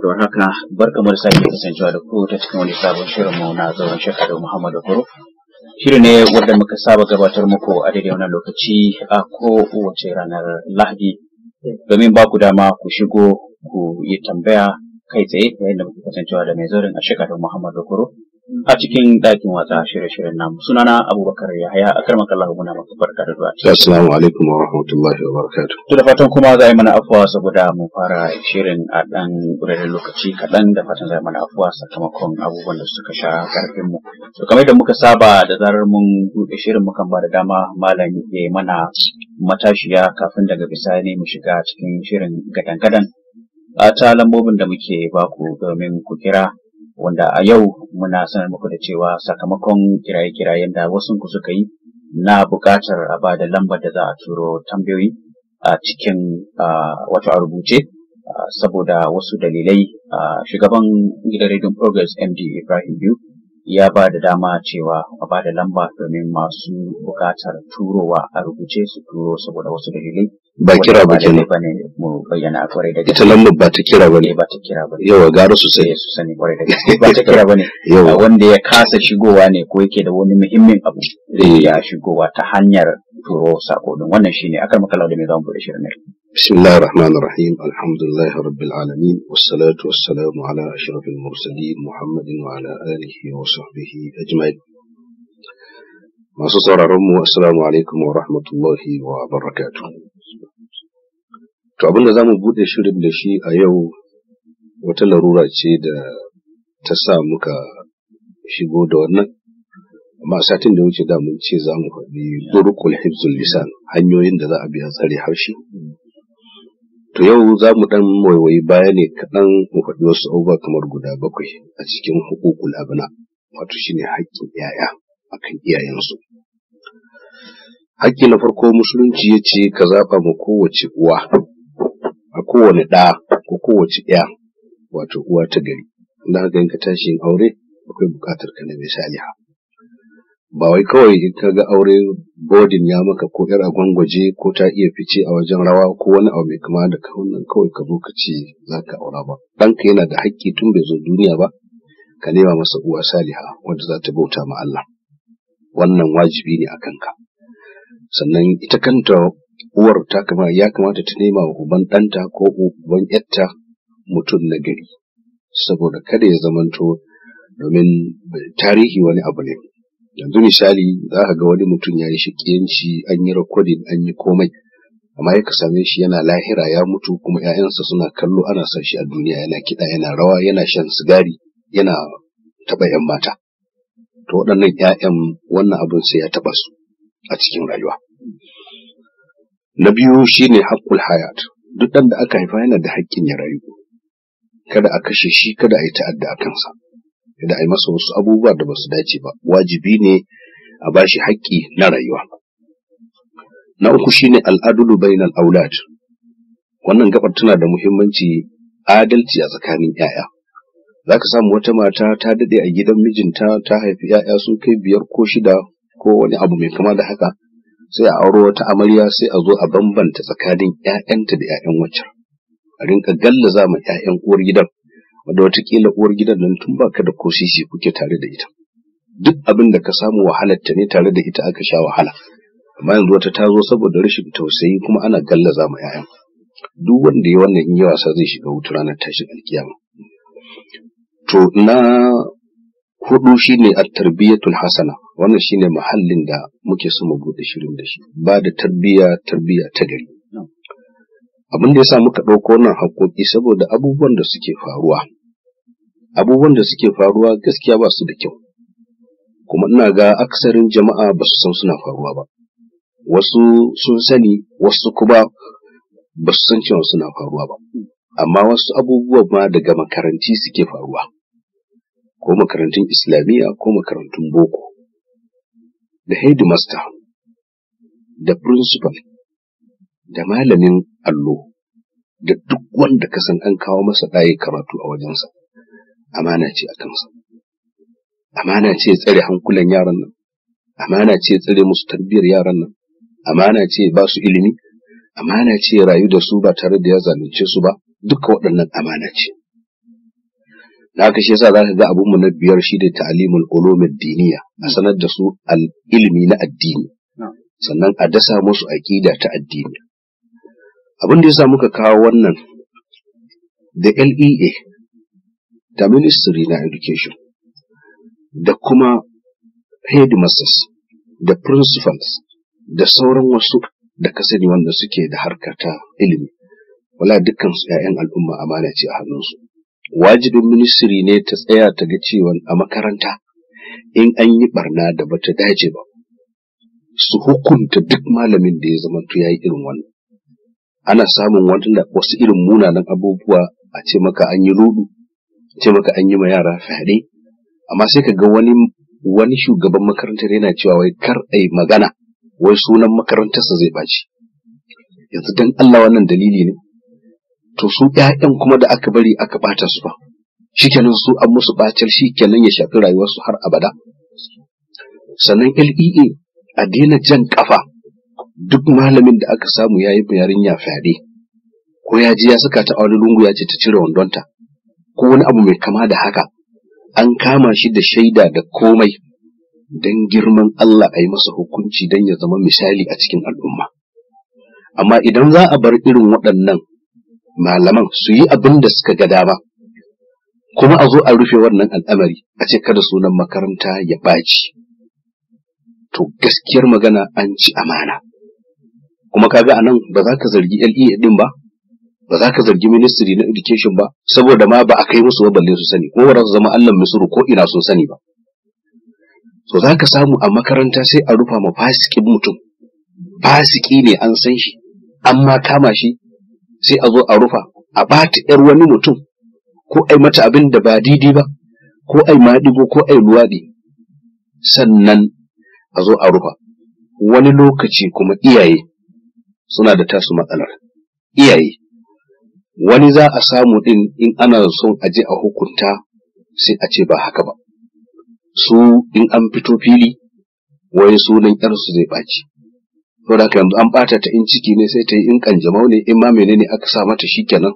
don haka barkamu da sake kasancewa da ku ta cikin wani sabon shirin mu na zaune shekaru Muhammadu Kuro. Shiri ne wanda muka saba gabatar muku a daidai wannan lokaci a kowace ranar Lahadi domin ba ku dama ku shigo ku yi tambaya kai tsaye yayin da muke kasancewa da mai zaurin a shekaru Muhammadu Kuro. a cikin ɗakin watsa shirye-shiryen namu sunana abubakar ya haya a karmar kallon muna maka barka da zuwa assalamu alaikum wa rahmatullahi wa to da fatan kuma za a yi mana afuwa saboda mu fara shirin a ɗan ƙudurin lokaci kaɗan da fatan za a yi mana afuwa sakamakon abubuwan da suka sha ƙarfin mu to kamar da muka saba da zarar mun buɗe shirin mukan ba da dama malam ya mana matashiya kafin daga bisani mu shiga cikin shirin gadan-gadan a ta lambobin da muke baku domin ku kira wanda a yau muna sanar muku da cewa sakamakon kiraye-kirayen da wasu ku suka yi na buƙatar a ba da lambar da za a turo tambayoyi a cikin wato a rubuce saboda wasu dalilai shugaban gidan rediyon progress md ibrahim biyu ya ba da dama cewa a ba da lamba domin masu buƙatar turowa a rubuce su turo saboda wasu dalilai ba kira ba kenan mu bayyana kwarai da ita lambar ba ta kira bane eh, ba ta kira bane yawa gara su sai eh, su sani kwarai da gaske ba ta kira bane yawa wanda ya kasa shigowa ne ko yake da wani muhimmin abu eh. ya shigowa ta hanyar turo sako din wannan shine akar makala da me zamu bude shirin ne بسم الله الرحمن الرحيم الحمد لله رب العالمين والصلاة والسلام على أشرف المرسلين محمد وعلى آله وصحبه أجمعين masu sauraron mu assalamu alaikum wa rahmatullahi wa barakatuh To abin da za mu buɗe shirin da shi a yau wata larura ce da ta sa muka shigo da wannan. Amma a satin da wuce da mun ce za mu faɗi durukul hibzul lisan hanyoyin da za a biya tsare harshe. To yau za mu ɗan waiwayi baya ne kaɗan mu faɗi wasu abubuwa kamar guda bakwai a cikin hukukul abina wato shine haƙƙin 'ya'ya akan iyayensu. haƙƙi na farko musulunci ya ce ka zaɓa ma kowace uwa kowane ɗa ko kowace ɗaya wato uwa ta gari inda haka in ka tashi yin aure akwai buƙatar ka na saliha ba wai kawai in ka ga aure bodin ya maka ko yar agwangwaje ko ta iya fice a wajen rawa ko wani abu mai kama da wannan kawai ka zo ka ce za ka aura ba ɗanka yana da haƙƙi tun bai zo duniya ba ka nema masa uwa saliha wanda za ta bauta ma Allah wannan wajibi ne a kanka sannan ita kanta uwar ta kama ya kamata ta nema wa uban ɗanta ko uban yatta mutum na gari saboda kada ya zamanto domin tarihi wani abu ne yanzu misali za ka ga wani mutum ya yi shiƙiyanci an yi rakodin an yi komai amma ya ka same shi yana lahira ya mutu kuma 'ya'yansa suna kallo ana son shi a duniya yana kiɗa yana rawa yana shan sigari yana taɓa 'yan mata to waɗannan 'ya'yan wannan abin sai ya taɓa su a cikin rayuwa Na biyu shi ne haƙƙul hayat. Duk ɗan da aka haifa yana da haƙƙin ya rayu. Kada a kashe shi, kada a yi ta'adda a kansa. Kada a yi masa wasu abubuwa da ba su dace ba. Wajibi ne a ba shi haƙƙi na rayuwa. Na uku shi ne al'adulu bainal aulad. Wannan gabar tana da muhimmanci adalci a tsakanin 'ya'ya. Za ka samu wata mata ta daɗe a gidan mijinta ta haifi 'ya'ya sun kai biyar ko shida ko wani abu mai kama da haka. sai a auro wata amarya sai a zo a bambanta tsakanin ƴaƴanta da ƴaƴan waccan a rinka gallaza ma ƴaƴan uwar gidan wanda watakila uwar gidan nan tun baka da kosisi kuke tare da ita duk abin da ka samu wahalar ne tare da ita aka sha wahala amma yanzu wata ta zo saboda rashin tausayi kuma ana gallaza ma ƴaƴan duk wanda ya wannan in yi wasa zai shiga wuta ranar tashin alkiyama to na hudu shine at-tarbiyatul hasana wannan shine mahallin da muke so mu bude shirin da shi ba da tarbiya tarbiya ta gari abin da yasa muka dauko wannan haƙoƙi saboda abubuwan da suke faruwa abubuwan da suke faruwa gaskiya ba su da kyau kuma ina ga aksarin jama'a ba su san suna faruwa ba wasu sun sani wasu kuma ba su san cewa suna faruwa ba amma wasu abubuwa ma daga makaranti suke faruwa ko makarantun islamiyya ko makarantun boko da headmaster da principal da malamin allo da duk wanda ka san an kawo masa ɗaya karatu a wajensa amana ce a kansa amana ce tsare hankulan yaran nan amana ce tsare musu tarbiyyar yaran nan amana ce ba su ilimi amana ce rayu da su ba tare da ya zalunce su ba duka waɗannan amana ce da haka shi yasa za ta ga mu na biyar shi da ta'limul ulumid diniya a sanar da su ilimi na addini sannan a dasa musu aƙida ta addini abin da yasa muka kawo wannan da LEA da ministry na education da kuma headmasters da principals da sauran wasu da kasani wanda suke da harkar ta ilimi wala dukkan su 'ya'yan al'umma amana ce a hannunsu wajibin ministry ne ta tsaya ta ga cewa a makaranta in an yi barna da bata dace ba su hukunta duk malamin da ya zama to yayi irin wannan ana samun wanda wasu irin munanan abubuwa a ce maka an yi rudu ce maka an yi ma yara fyaɗe amma sai ka ga wani wani shugaban makarantar yana cewa wai kar a magana wai sunan makarantarsa zai baci yanzu dan Allah wannan dalili ne to su ƴaƴan kuma da aka bari aka ɓata su ba kenan su an musu shi kenan ya shafi rayuwarsu har abada sannan LEA a daina jan ƙafa. duk malamin da aka samu ya yi yarinya fyaɗe ko ya ji ya saka ta a wani lungu ya ce ta cire wandonta ko wani abu mai kama da haka an kama shi da shaida da komai don girman Allah a yi masa hukunci don ya zama misali a cikin al'umma. Amma idan za a bar irin waɗannan malaman su yi abin da suka ga dama kuma a zo a rufe wannan al'amari a ce kada sunan makaranta ya baci to gaskiyar magana an ci amana kuma kaga anan ba za ka zargi LE din ba ba za ka zargi ministry na education ba saboda ma ba a kai musu balle su sani ko ba zama Allah misuru ko ina sun sani ba to za ka samu a makaranta sai a rufa ma fasikin mutum fasiki ne an san shi amma kama shi sai a zo a rufa a ɓata ‘yar wani mutum ko ai mata abin da ba didi ba ko ai maɗigo ko ai luwaɗi sannan a zo a rufa wani lokaci kuma iyaye suna da tasu matsalar iyaye wani za a samu ɗin in ana son a je a hukunta sai a ce ba haka ba su in an fito fili wani sunan ‘yarsu zai ɓaci saboda haka yanzu an bata ta in ciki ne sai ta yi in kanjamau ne in ma menene aka sa mata shikenan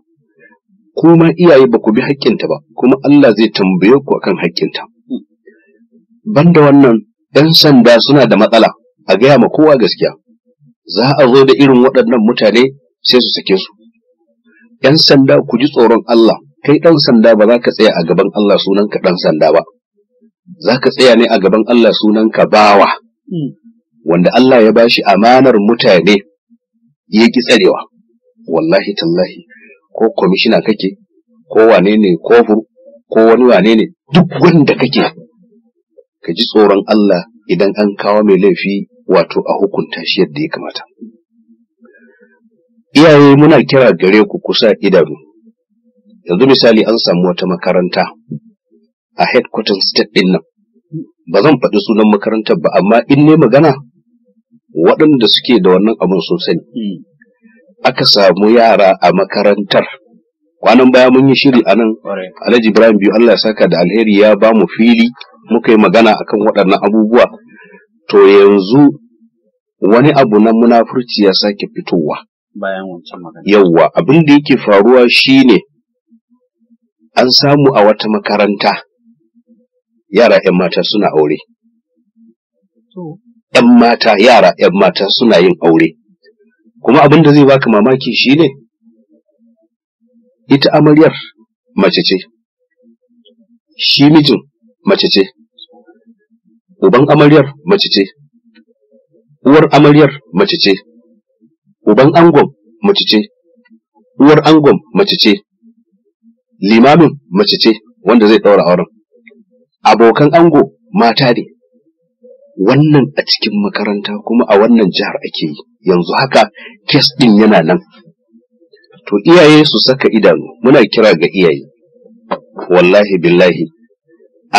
kuma iyaye ba ku bi haƙƙinta ba kuma Allah zai tambaye ku akan haƙƙinta banda wannan ɗan sanda suna da matsala a gaya ma kowa gaskiya za a zo da irin waɗannan mutane sai su sake su ‘yan sanda ku ji tsoron Allah kai ɗan sanda ba za ka tsaya a gaban Allah sunan ka ɗan sanda ba za ka tsaya ne a gaban Allah sunan ka bawa hmm. wanda Allah ya bashi amanar mutane ya ki tsarewa wallahi tallahi ko kwamishina kake ko wane ne kofur ko wani wane ne duk wanda kake ka ji tsoron Allah idan an kawo mai laifi wato a hukunta shi yadda ya kamata iyaye muna kira gare ku kusa idanu yanzu misali an samu wata makaranta a headquarters state din nan ba zan faɗi sunan makarantar ba amma in ne magana waɗanda suke da wannan abin sun sani hmm. aka samu yara a makarantar kwanan baya mun yi shiri a nan alhaji ibrahim biyu allah ya saka da alheri ya ba mu fili muka yi magana akan waɗannan abubuwa to yanzu wani abu na munafurci ya sake fitowa bayan yawwa abin da yake faruwa shine an samu a wata makaranta yara 'yan mata suna aure 'yan mata yara 'yan mata suna yin aure kuma abin da zai baka mamaki shine ita amaryar mace ce shi mijin mace ce uban amaryar mace ce uwar amaryar mace ce uban angon mace ce uwar angon mace ce limamin mace ce wanda zai ɗaura auren abokan ango mata ne wannan a cikin makaranta kuma a wannan jihar ake yi yanzu haka kes ɗin yana nan to iyaye su saka idanu muna kira ga iyaye wallahi billahi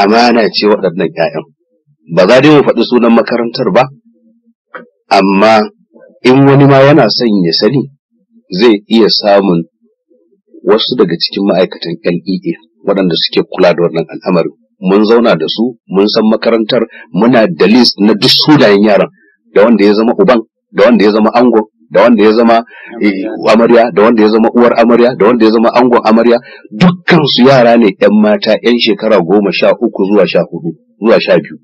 amana ce waɗannan 'ya'yan ba za dai mu faɗi sunan makarantar ba amma in wani ma yana son ya sani zai iya samun wasu daga cikin ma'aikatan LEA waɗanda suke kula da wannan al'amarin mun zauna da su mun san makarantar muna da list na duk sunayen yaran da wanda ya zama uban da wanda ya zama ango da wanda ya zama eh, amarya da wanda ya zama uwar amarya da wanda ya zama angon amarya dukkan su yara ne yan mata yan shekara goma sha uku zuwa sha hudu zuwa sha biyu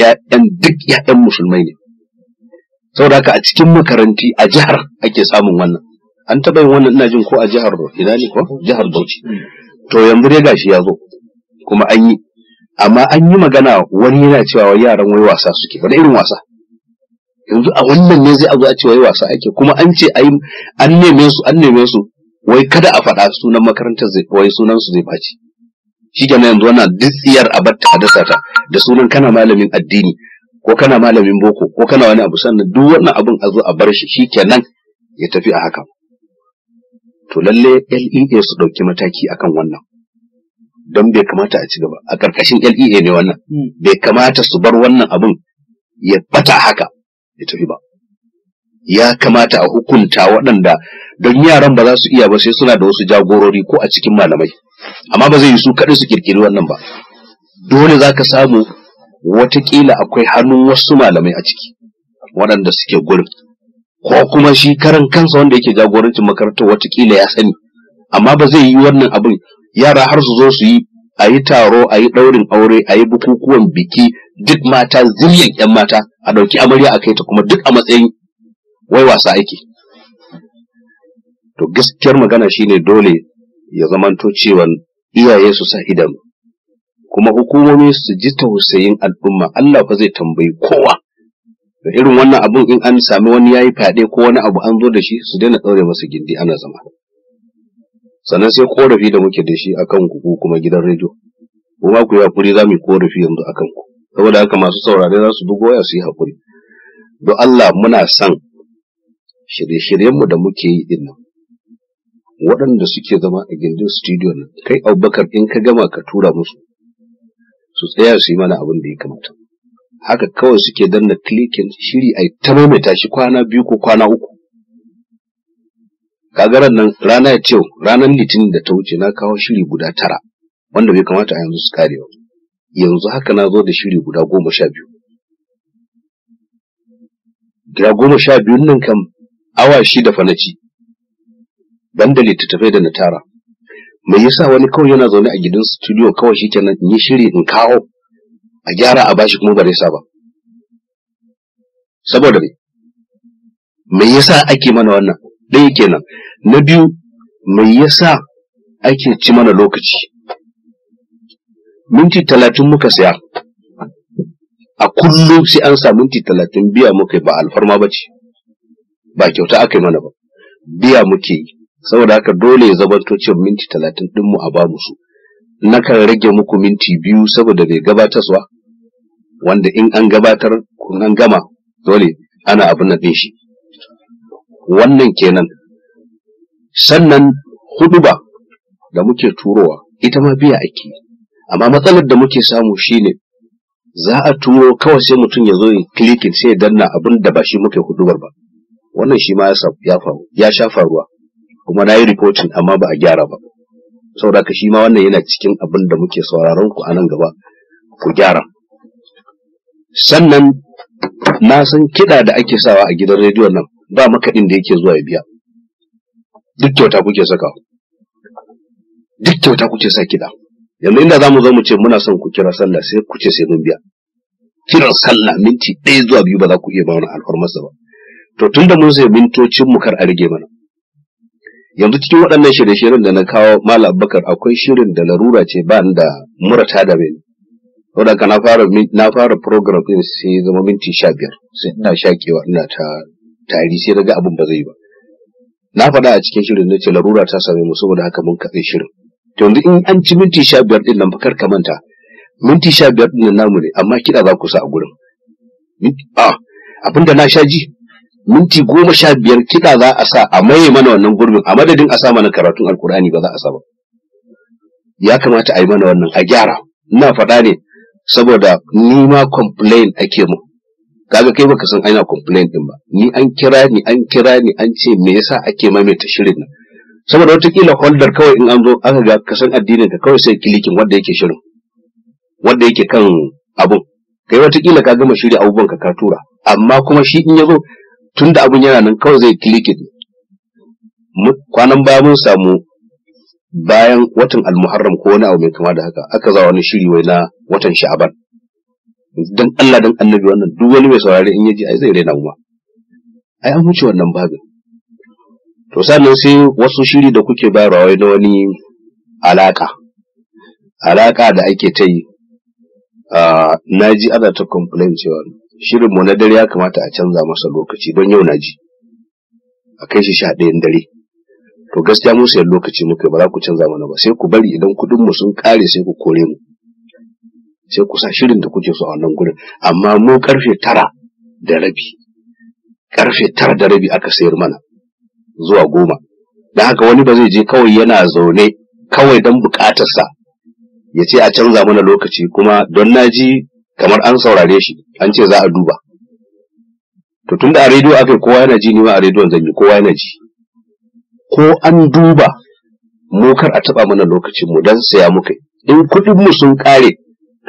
ya'yan duk ya'yan musulmai ne saboda haka a cikin makaranti a jihar ake samun wannan an taɓa yin wannan ina jin ko a jihar ina ne ko jihar Bauchi to yanzu dai gashi ya zo kuma an yi amma an yi magana wani yana cewa wai yaran wai wasa suke wani irin wasa yanzu a wannan ne zai a zo a ce wai wasa ake kuma an ce ai an neme su an neme su wai kada a faɗa sunan makarantar zai wai sunan su zai baci shi kenan yanzu wannan dutsiyar a batta a sata da sunan kana malamin addini ko kana malamin boko ko kana wani abu sannan duk wannan abin a zo a bar shi shi kenan ya tafi a haka to lalle LEA su ɗauki mataki akan wannan don bai kamata a ci gaba a ƙarƙashin LEA ne wannan hmm. bai kamata su bar wannan abun ya bata haka ya tafi ba ya kamata a hukunta waɗanda don yaran ba za su iya ba sai suna da wasu jagorori ko a cikin malamai amma ba zai yi su kaɗai su kirkiri wannan ba dole za ka samu watakila akwai hannun wasu malamai a ciki waɗanda suke gurin ko kuma shi karan kansa wanda yake jagorancin makarantar watakila ya sani amma ba zai yi wannan abin yara har su zo su yi a yi taro a yi ɗaurin aure a yi bukukuwan biki duk mata ziryan 'yan mata a ɗauki amarya a kai ta kuma duk a matsayin wai wasa ake to gaskiyar magana shine dole ya zamanto cewa iyaye su sa idan kuma hukumomi su ji tausayin al'umma Allah fa zai tambayi kowa da irin wannan abun in an sami wani yayi fyaɗe ko wani abu an zo da shi su daina ɗaure masa gindi ana zama sannan sai korafi da muke da shi akan ku ko kuma gidan rediyo kuma ku yi hakuri za mu yi korafi yanzu akan ku saboda haka masu saurare za su bugo ya su yi hakuri don Allah muna son shirye-shiryenmu da muke yi din waɗanda suke zama a gindin studio nan kai abubakar in ka gama ka tura musu su tsaya su yi mana abin da ya kamata haka kawai suke danna klikin shiri a ta maimaita shi kwana biyu ko kwana uku kagaran nan rana ya yau ranar litinin da ta wuce na kawo shiri guda tara wanda bai kamata a yanzu su kare ba yanzu haka na zo da shiri guda goma sha biyu da goma sha biyun nan kam awa shi da fanaci banda littattafai da na tara me yasa wani kawai yana zaune a gidan studio kawai shi kenan in yi shiri in kawo a gyara a bashi kuma ba sa ba saboda me me yasa ake mana wannan ɗaya kenan na biyu mai yasa ake ci mana lokaci minti talatin muka saya a kullum sai an sa minti talatin biya muka ba alfarma ba ce ba kyauta aka yi mana ba biya muke yi saboda haka dole ya zabanto cewa minti talatin ɗinmu a ba su nakan rage muku minti biyu saboda bai gabatarwa wanda in an gabatar kun an gama dole ana abin na ɗin shi wannan kenan sannan huduba da muke turowa ita ma biya ake amma matsalar da muke samu shine za a turo kawai sai mutum ya zo ya klikin sai ya danna abin da ba shi muke hudubar ba wannan shi ma ya sha faruwa kuma na yi reporting amma ba a gyara ba saboda ka shi ma wannan yana cikin abin da muke sauraron ku a nan gaba ku gyara sannan na san kiɗa da ake sawa a gidan rediyon nan ba makaɗin da yake zuwa ya biya duk kyauta kuke saka duk kyauta kuke sa kiɗa yanzu inda za mu zo mu ce muna son ku kira sallah sai ku ce sai mun biya kiran sallah minti ɗaya zuwa biyu ba za ku iya ba wani alfarmarsa ba to tun da mun sai mintocin mu kar a rage mana yanzu cikin waɗannan shirye-shiryen da na kawo malam abubakar akwai shirin da larura ce ba da murata da mai saboda na fara fara program ɗin sai zama minti sha biyar sai ina shaƙewa, ina ta tari sai daga abin ba zai ba na faɗa a cikin shirin na ce larura ta same mu saboda haka mun katse shirin to yanzu in an ci minti sha biyar ɗin nan kar ka manta minti sha biyar ɗin namu ne amma kiɗa za ku sa a gurin a abinda na sha ji minti goma sha biyar kiɗa za a sa a maye mana wannan gurbin a madadin a sa mana karatun alkur'ani ba za a sa ba ya kamata a yi mana wannan a gyara ina faɗa ne saboda ni ma complain ake mu kaga kai baka san ana complaint din ba ni an kira ni an kira ni an ce me yasa ake maimaita shirin nan saboda watakila holder kawai in an zo aka ga kasan addinin ka kawai sai kilikin wanda yake shirin wanda yake kan abun kai watakila ka gama shirya abubuwan ka ka tura amma kuma shi in ya zo tunda abun yana nan kawai zai kilikin kwanan baya mun samu bayan watan almuharram ko wani abu mai kama da haka aka zawa wani shiri wai na watan sha'aban don Allah dan annabi wannan duk wani mai saurari in yaji ai zai rena mu ai an huce wannan babin to sannan sai wasu shiri da kuke bayarwa wai na wani alaka alaka da ake ta yi na ji ana ta complain cewa shirin mu na dare ya kamata a canza masa lokaci don yau na ji a kai shi sha ɗayan dare to gaskiya mu sayan lokaci muka ba za ku canza mana ba sai ku bari idan kuɗin mu sun kare sai ku kore mu sai ku sa shirin da kuke so a wannan gurin amma mu karfe tara da rabi karfe tara da rabi aka sayar mana zuwa goma da haka wani ba zai je kawai yana zaune kawai don bukatarsa ya ce a canza mana lokaci kuma don na ji kamar an saurare shi an ce za a duba to tun da a rediyo aka yi kowa yana ji ni ma a rediyon zan yi kowa yana ji ko an duba mu kar a taba mana lokacin mu dan saya muka in kuɗin mu sun kare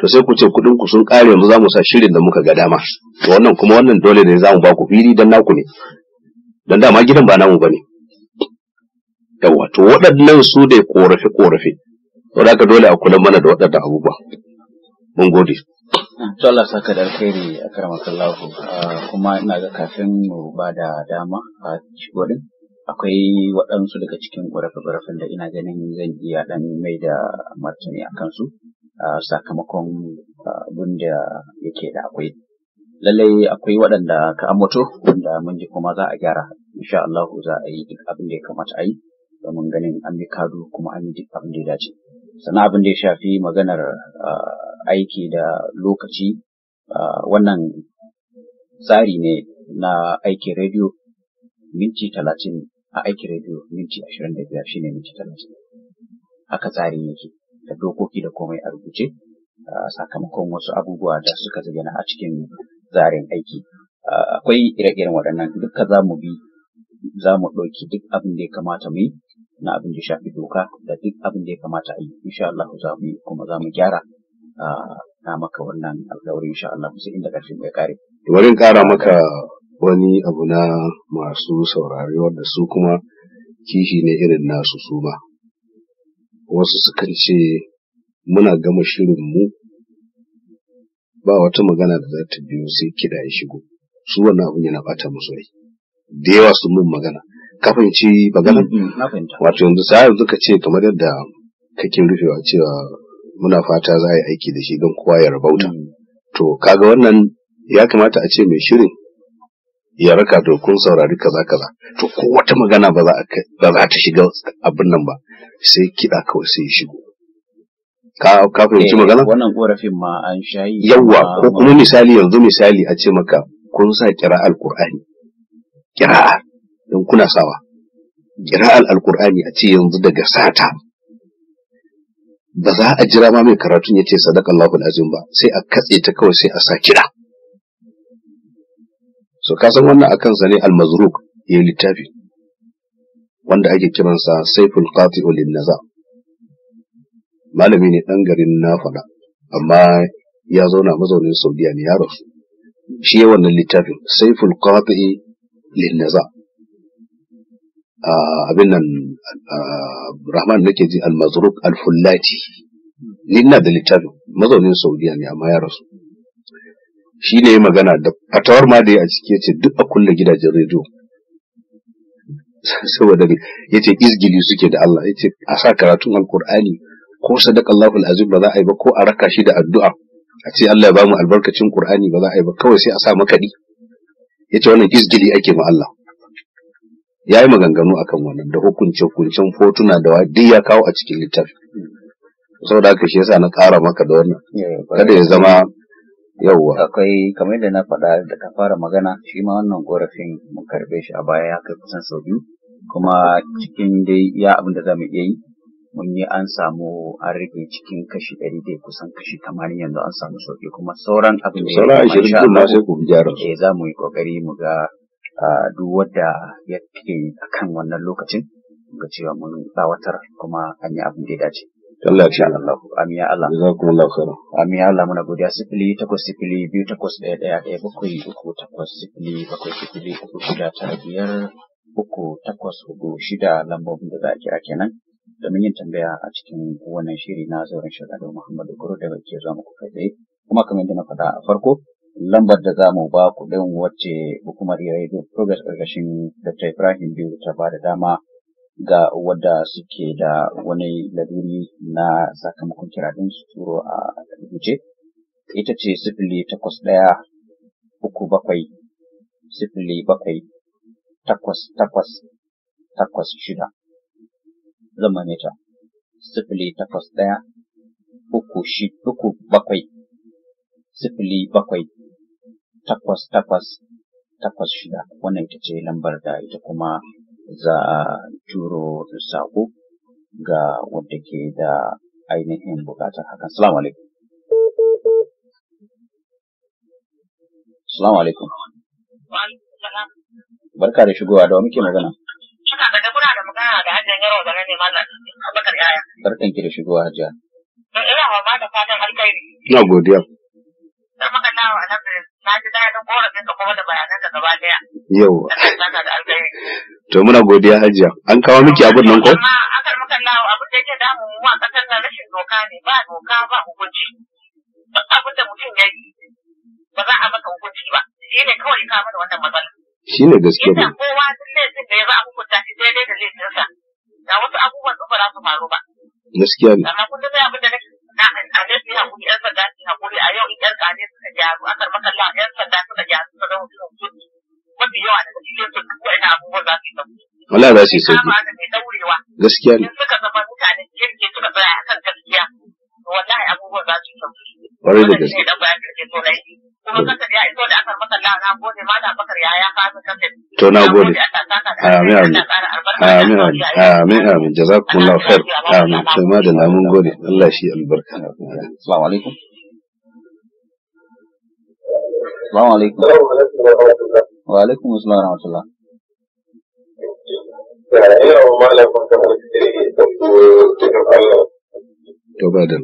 to sai ku ce kuɗin ku sun kare yanzu zamu sa shirin da muka ga dama to wannan kuma wannan dole ne zamu ba ku fili dan naku ne dan dama gidan ba namu bane yawa to waɗannan su dai korafe korafe to da dole a kula mana da waɗannan abubuwa mun gode to Allah saka da alkhairi a karamakallahu ah, kuma ina ga kafin mu ba da dama a shigo din akwai waɗansu daga cikin ƙorafe-ƙorafen da ina ganin zan iya ɗan mai da martani a kansu sakamakon abin da yake da akwai lallai akwai waɗanda ka ambato wanda mun ji kuma za a gyara insha Allah za a yi duk abin da ya kamata a yi domin ganin an yi kado kuma an yi duk abin da ya dace sannan abin da ya shafi maganar aiki da lokaci wannan tsari ne na aikin rediyo minti talatin a aikin rediyo minti ashirin da biyar shine minti talatin haka tsarin yake da dokoki da komai a rubuce sakamakon wasu abubuwa da suka zayyana a cikin tsarin aiki akwai ire-iren waɗannan duka za mu bi za mu ɗauki duk abin da ya kamata mu yi na abin da shafi doka da duk abin da ya kamata a yi insha Allah za mu yi kuma za mu gyara na maka wannan alƙawari insha Allah sai inda ƙarfin ya kare. Wurin ƙara maka wani abu na masu saurare wanda su kuma kishi ne irin nasu su ma wasu sukan ce muna gama shirin mu. ba wata magana da za ta biyo sai kiɗa ya shigo su wannan abin yana bata musu rai da yawa sun mun magana kafin ci magana mm, mm, wato yanzu sai yanzu ka ce kamar yadda kake rufewa cewa muna fata za a yi aiki da shi don kowa ya rabauta mm. to kaga wannan ya kamata a ce mai shirin ya raka to kun saurari kaza kaza to ko wata magana ba za ba za ta shiga abin nan ba sai kiɗa kawai sai ya shigo ka ka fahimci eh, magana wannan korafin ma an shayi yawa ko kuma misali yanzu misali a ce maka kun sa kira alqur'ani kira'a don kuna sawa kira'al alqur'ani a ce yanzu daga sata ba za a jira ma mai karatun ya ce sadaka Allahu azim ba sai a katse ta kawai sai a sa kira so ka san wannan akan sa ne al-mazruq ya littafi wanda ake kiransa saiful qati'u lin malami ne dan garin na faɗa amma ya zauna mazaunin saudiya ne ya rasu shi ya wannan littafin saiful qati'i lin naza abin nan rahman nake ji al-mazruq al-fullati ni ina da littafin mazaunin saudiya ne amma ya rasu shi ne ya magana da fatawar ma da ya a ciki yace duk a kulle gidajen rediyo saboda ce izgili suke da Allah Ya ce a sa karatun alkur'ani ko sadaka Allah alazim ba za a yi ba ko a raka shi da addu'a a ce Allah ya bamu albarkacin Qur'ani ba za a yi ba kawai sai a sa makaɗi ce wannan izgili ake ma Allah Ya yayi maganganu akan wannan da hukunce hukuncen fotuna da duk ya kawo a cikin littafi saboda haka shi yasa na ƙara maka da wannan ya zama yauwa akwai kamar yadda na faɗa da ka fara magana shi ma wannan korafin mun karɓe shi a baya ya kai kusan sau biyu kuma cikin dai ya abin da za mu iya yi mun yi an samu an rage cikin kashi ɗari dai kusan kashi tamanin yanzu an samu sauƙi kuma sauran abin da ya yi kuma sai ku gyara eh za mu yi ƙoƙari mu ga duk wanda ya ke akan wannan lokacin ga cewa mun tsawatar kuma an yi abin da ya dace. Allah ya sha'an Allah amin ya Allah jazakumullahu khairan amin ya Allah muna godiya sifili takwas sifili biyu takwas ɗaya ɗaya ɗaya bakwai uku takwas sifili bakwai sifili uku shida tara biyar uku takwas hudu shida lambobin da za a kira kenan domin yin tambaya a cikin wannan shiri na zauren shirya Muhammadu Guru da ke zuwa muku kai tsaye kuma kamar yadda na faɗa a farko lambar da za mu ba ku ɗin wacce hukumar Yare Progress ƙarƙashin Dr. Ibrahim Biyu ta ba da dama ga wadda suke da wani laduri na sakamakon kiradin su turo a rubuce ita ce sifili takwas ɗaya uku bakwai sifili bakwai takwas takwas takwas shida zan mane ta sifili takwas ɗaya uku shi uku bakwai sifili bakwai takwas takwas takwas shida wannan ita ce lambar da ita kuma za a turo sako ga wanda ke da ainihin bukatar hakan. Salamu alaikum. Salamu alaikum. Barka da shigowa da wa muke magana. Suna da kuna da magana da hajjan yaro da ne malam Abubakar Yaya. Barkan ki da shigowa hajja. Ina wa ba da fatan alkhairi. Ina godiya. Na maka na wa alhamdulillah. na ji daɗin korafin ka kuma da bayanan ka gaba daya yau to muna godiya hajiya an kawo miki abin nan ko amma akar muka lawo abin da yake damu mu a kasar nan rashin doka ne ba doka ba hukunci Ba abin da mutum ya yi ba za a maka hukunci ba shi ne kawai ka mana wannan matsala shi ne gaskiya ne kowa duk laifin da ya za a hukunta shi daidai da laifinsa da wasu abubuwan duk ba za su faru ba gaskiya ne amma kun da abin da nake na a ne su hakuri yan sanda su hakuri a yau yan tsane suka gyaru a karɓar kallon yan sanda suka gyaru suka zama su mafi yawa daga cikin su duk wani abubuwan za su yi sauki. Wala za su yi sauki. Gaskiya ne. Suka zama mutane kirki suka tsaya a kan gaskiya wallahi abubuwan za su sauki kwarai da gaske dan bayan kace to na yi gode ma da bakar amin amin amin amin amin amin da gode Allah shi albarka assalamu alaikum Assalamu alaikum. Wa alaikum assalam wa rahmatullah. Ya, ina wa kamar da ke da cikin to ba da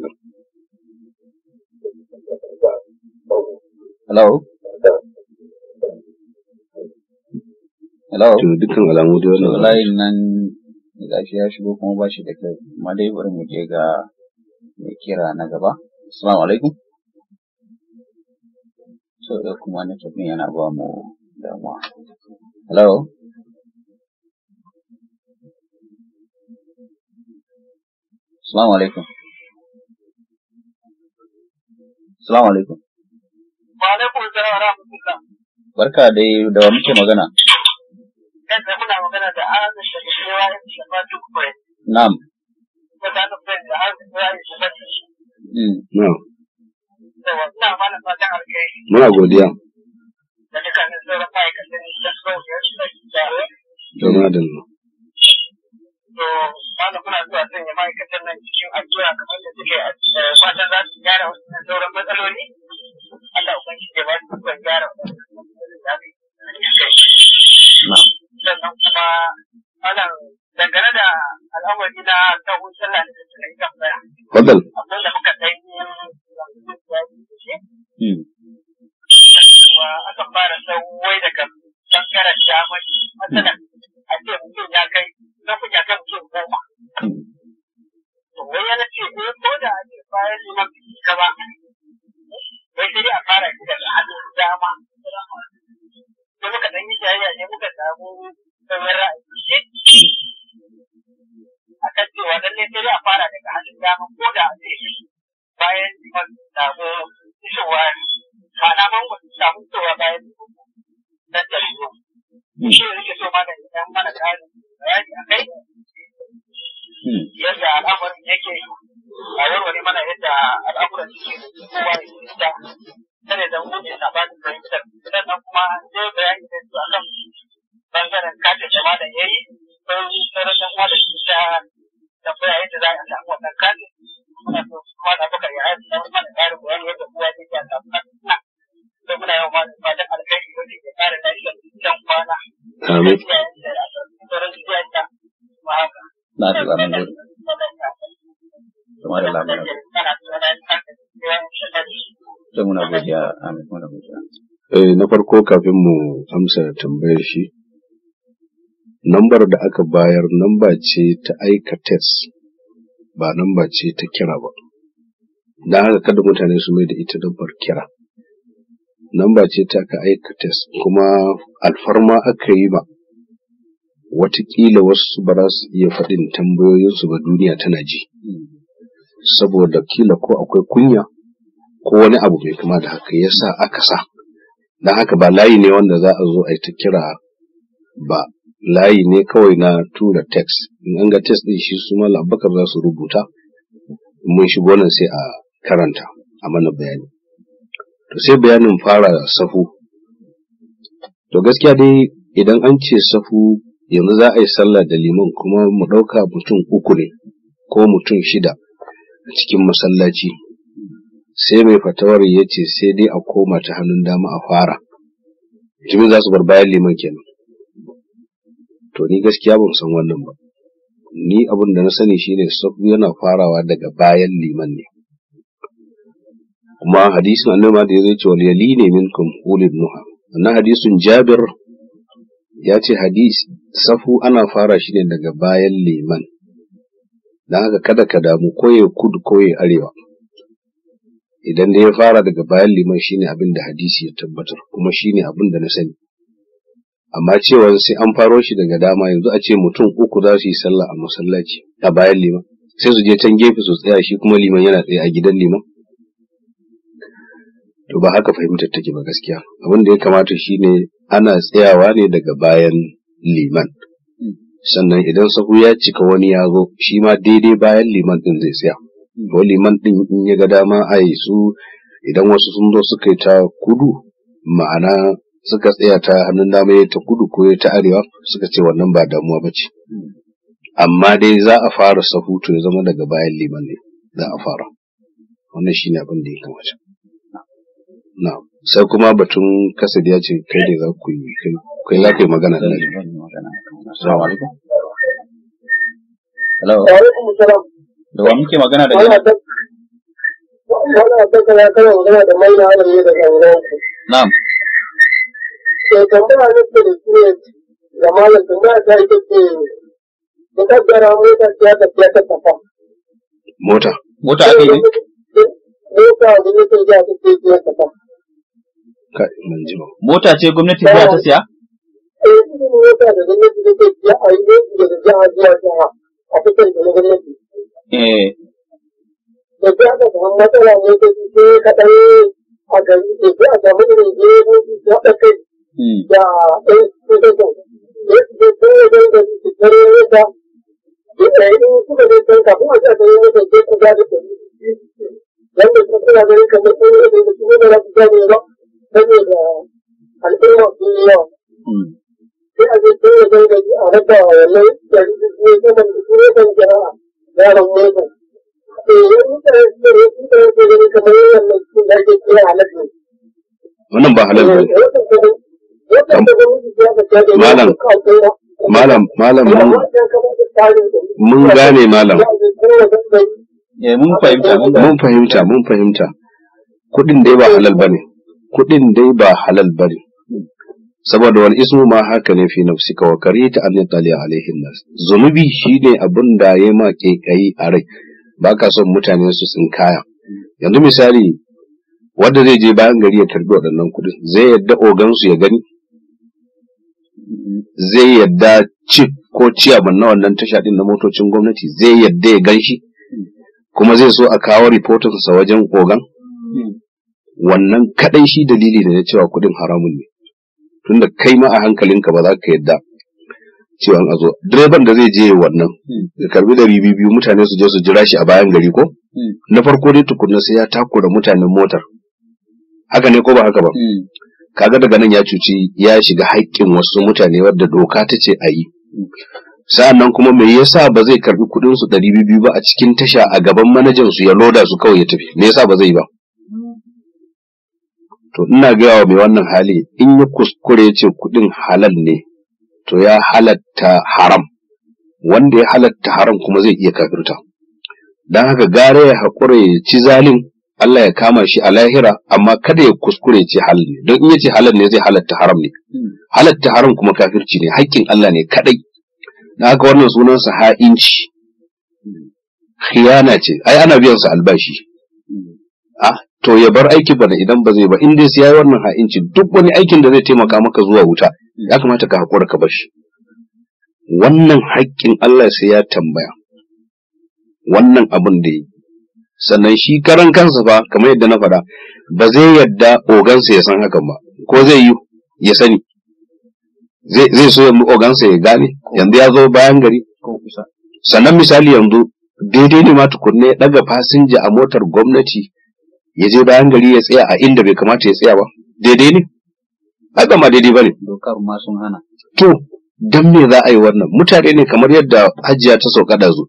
nan to dukkan alamu wannan nan gashi ya shigo kuma ba shi da kai amma dai bari mu je ga mai kira na gaba assalamu so da kuma tafi yana ba mu damuwa hello assalamu alaikum Salamu alaikum. Wa alaikum salam wa rahmatullah. Barka dai da wa muke magana. Yadda muna magana da Anas da Shewa da Shewa duk bai. Na'am. Da ta ta da Anas da Shewa da Shewa. Mm. Na'am. Da wannan malam fatan alkhairi. Muna godiya. Da dukkanin sauran ma'aikatan da suka zo da shi da shi. To madalla. amsa tambayar shi lambar da aka bayar lamba ce ta aika tes ba lamba ce ta kira ba da haka kada mutane su mai da ita lambar kira lamba ce ta aka aika tes kuma alfarma aka yi ba, watakila wasu ba za su iya faɗin tambayoyinsu ba duniya tana ji saboda kila ko akwai kunya ko wani abu mai kama da haka yasa aka sa da haka ba layi ne wanda za a zo a yi ta kira ba layi ne kawai na tura text in an ga text din shi su mala abubakar za su rubuta mun shigo nan sai a karanta a mana bayani to sai bayanin fara safu to gaskiya dai idan an ce safu yanzu za a yi sallah da liman kuma mu ɗauka mutum uku ne ko mutum shida a cikin masallaci sai mai fatawar ya ce sai dai a koma ta hannun dama a fara jimin za su bar bayan liman kenan to ni gaskiya ban san wannan ba ni abin da na sani shine sabu yana farawa daga bayan liman ne kuma hadisin annabi ma da ya zai ce wal yali ne minkum ulil nuha Wannan hadisin jabir ya ce hadis safu ana fara shi ne daga bayan liman da haka kada ka damu koye kudu koye arewa idan da ya fara daga bayan liman shine abin da hadisi ya tabbatar kuma shine abin da na sani amma cewa sai an faro shi daga dama yanzu a ce mutum uku za su yi sallah a masallaci a bayan liman sai su je can gefe su tsaya shi kuma liman yana tsaye a gidan liman to ba haka fahimtar take ba gaskiya abin da ya kamata shine ana tsayawa ne daga bayan liman sannan idan sahu ya cika wani ya zo shi ma daidai bayan liman din zai tsaya ko liman din in ya ga dama a yi su idan wasu sun zo suka yi ta kudu ma'ana suka tsaya ta hannun dama ya ta kudu ko ya ta arewa suka ce wannan ba damuwa ba ce amma dai za a fara sahu to ya zama daga bayan liman ne za a fara wannan shi ne abin da ya kamata na sai kuma batun kasa da ya ce kai da za ku yi kai za ku yi magana da Hello. da wa muke magana da yana na'am tambaya ne ne da malam mota ta ta tafa mota mota ne mota da ta ja ta tafiya ta mota ce gwamnati ba ta siya eh mota da gwamnati ta siya a yi da jiha jiha a fitar gwamnati eh da ya ne da ke kaɗan a gari da hmm. da suka kafin a da wanda da hmm. a wannan wannan ba halal ba malam malam mun gane malam eh, mun fahimta mun fahimta mun kudin dai ba halal bane kudin dai ba halal bane saboda wal ismu ma haka ne fi ka wakari ta an yi alaihin nas zunubi shi ne abin da ya ma kai a rai ba ka son mutane su tsinkaya yanzu misali wanda zai je bayan gari ya karbi waɗannan kuɗin zai yadda ogansu ya gani zai yadda ci ko ciyaman na wannan tasha din na motocin gwamnati zai yadda ya gan shi kuma zai so a kawo rifotinsa wajen ogan wannan kaɗai shi dalili da na cewa kuɗin haramun ne tunda kai ma a hankalinka ba za ka yadda cewa a zo direban da zai je wannan hmm. ya karbi dari biyu mutane su je su jira shi a bayan gari ko hmm. na farko dai tukunna sai ya takura mutanen motar haka ne ko ba haka ba hmm. kaga daga nan ya cuci ya shiga haƙƙin wasu mutane wadda doka ta ce a yi sa'annan kuma me yasa ba zai karbi kudin su ɗari biyu ba a cikin tasha a gaban manajan su ya loda su kawai ya tafi me yasa ba zai ba to ina gaya wa mai wannan hali in ya kuskure ya ce kuɗin halal ne to ya halatta haram wanda ya halatta haram kuma zai iya kafirta don haka gare ya haƙura ya ci zalin Allah ya kama shi a lahira amma kada ya kuskure ce halal ne don in ya ce halal ne zai halatta haram ne halatta haram kuma kafirci ne haƙƙin Allah ne kadai da haka wannan sunan sa ha'inci khiyana ce ai ana biyan sa albashi ah, to ya bar aiki bana idan ba zai ba in dai yayi wannan ha'inci duk wani aikin da zai taimaka maka zuwa wuta ya kamata ka hakura ka bashi. wannan haƙƙin Allah sai ya tambaya wannan abin da yi sannan shi karan kansa fa kamar yadda na faɗa ba zai yadda ogansa ya san hakan ba ko zai yi ya sani zai so yanzu ogansa ya gane yanzu ya zo bayan gari sannan misali yanzu daidai ne ma tukunne ya ɗaga fasinja a motar gwamnati ya je bayan gari ya tsaya a inda bai kamata ya tsaya ba daidai ne haka ma daidai bane dokar ma sun hana to dan me za a yi wannan mutane ne kamar yadda hajjiya ta sauka da zu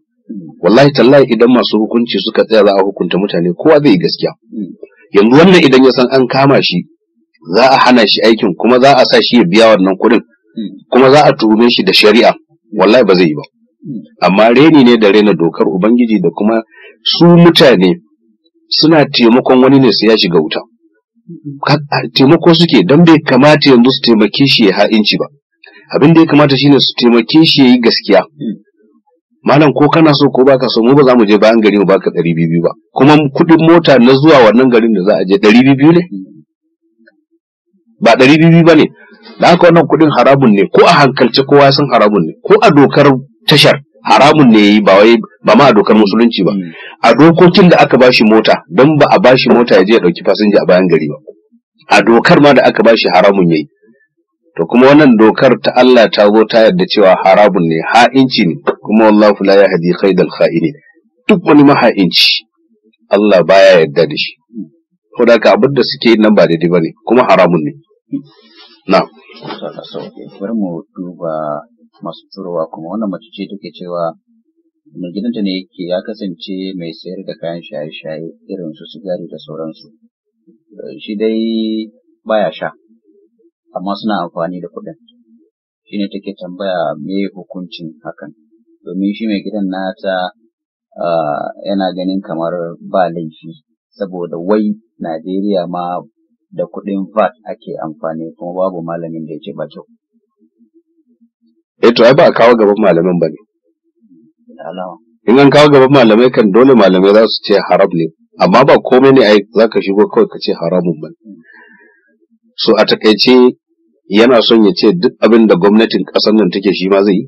wallahi tallahi idan masu hukunci suka tsaya za a hukunta mutane kowa zai yi gaskiya yanzu wannan idan ya san an kama shi za a hana shi aikin kuma za a sa shi ya biya wannan kuɗin kuma za a tuhume shi da shari'a wallahi ba zai yi ba amma reni ne da rena dokar ubangiji da kuma su mutane suna taimakon wani ne sai ya shiga wuta taimako suke don bai kamata yanzu su taimake shi ya ha'inci ba abin da ya kamata shine su taimake shi ya yi gaskiya malam ko kana so ko baka so mu ba za mu je bayan gari mu baka ɗari biyu ba kuma kuɗin mota na zuwa wannan garin da za a je ɗari biyu ne ba ɗari biyu ba ne da aka wannan kuɗin harabun ne ko a hankalce kowa sun harabun ne ko a dokar tashar haramun ne ba wai ba ma a dokar musulunci ba hmm. a dokokin da aka bashi mota don ba a bashi mota ya je ya dauki fasinja a bayan gari ba a dokar ma da aka bashi haramun yayi to kuma wannan dokar ta Allah ta zo ta yarda cewa haramun ne ha'inci ne kuma wallahu la yahdi qaidal kha'ini duk wani maha'inci Allah baya yarda da shi ko da ka abin da suke yin nan ba daidai bane kuma haramun ne na bari mu duba masu tsurowa kuma wannan mace ce take cewa mai gidanta ne yake ya kasance mai sayar da kayan shaye-shaye irin su sigari da sauransu shi dai baya sha amma suna amfani da kuɗin shi ne take tambaya me hukuncin hakan domin shi mai gidan nata yana ganin kamar ba laifi saboda wai Najeriya ma da kuɗin VAT ake amfani kuma babu malamin da ya ce ba kyau. eh to ai ba a kawo gaban malaman ba ne in an kawo gaban malamai kan dole malamai za su ce haram ne amma ba komai ne ai za ka shigo kawai ka ce haramun ba so a takaice yana son ya ce duk abin da gwamnatin ƙasar nan take shi ma zai yi